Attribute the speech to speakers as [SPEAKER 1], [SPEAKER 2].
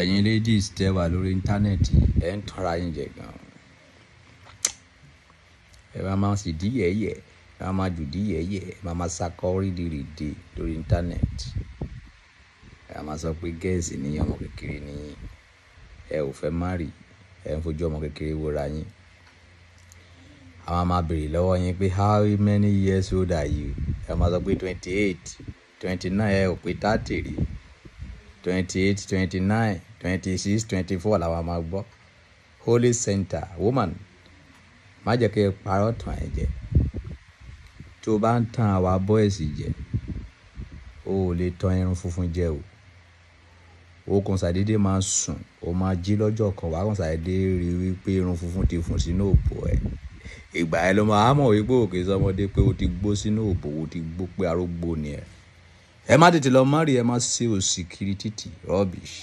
[SPEAKER 1] ẹ̀yin ladies tẹ́ wà lórí íńtánẹ́ẹ̀tì ẹ̀ ń tọ́ra yín jẹ gan ẹ máa máa sì dí yẹ̀yẹ̀ ẹ máa máa jù dí yẹ̀yẹ̀ ẹ máa máa sakọ rídìrídì lórí íńtánẹ́ẹ̀tì ẹ máa sọ pé gẹ́ẹ̀sì ní ọmọ kékeré ní ẹ ò fẹ́ má rí ẹ ń fojú ọmọ kékeré wòra yín a máa máa béèrè lọ́wọ́ yín pé how many years old are you ẹ máa sọ pé twenty eight twenty nine ẹ ò pé thirty rí twenty eight twenty nine twenty six twenty four làwọn máa gbọ́ holy center woman má jẹ́ kí ẹ parọ́ tàn ẹ́ jẹ tó o bá ń tan àwa bọ́ẹ̀sì jẹ o ò lè tan irun funfun jẹ o o kàn máa sùn o máa jí lọ́jọ́ kan wàá kàn ṣàdédé rí i wípé irun funfun ti fùn sínú òbò ẹ̀ ìgbà ẹ ló máa mọ̀ wípé òkè sọmọdé pé o ti gbó sínú òbò o ti gbó pé arúgbó ni ẹ̀ ẹ má tètè lọ mọ́rì ẹ má ṣe òsì kiri títì rubbish.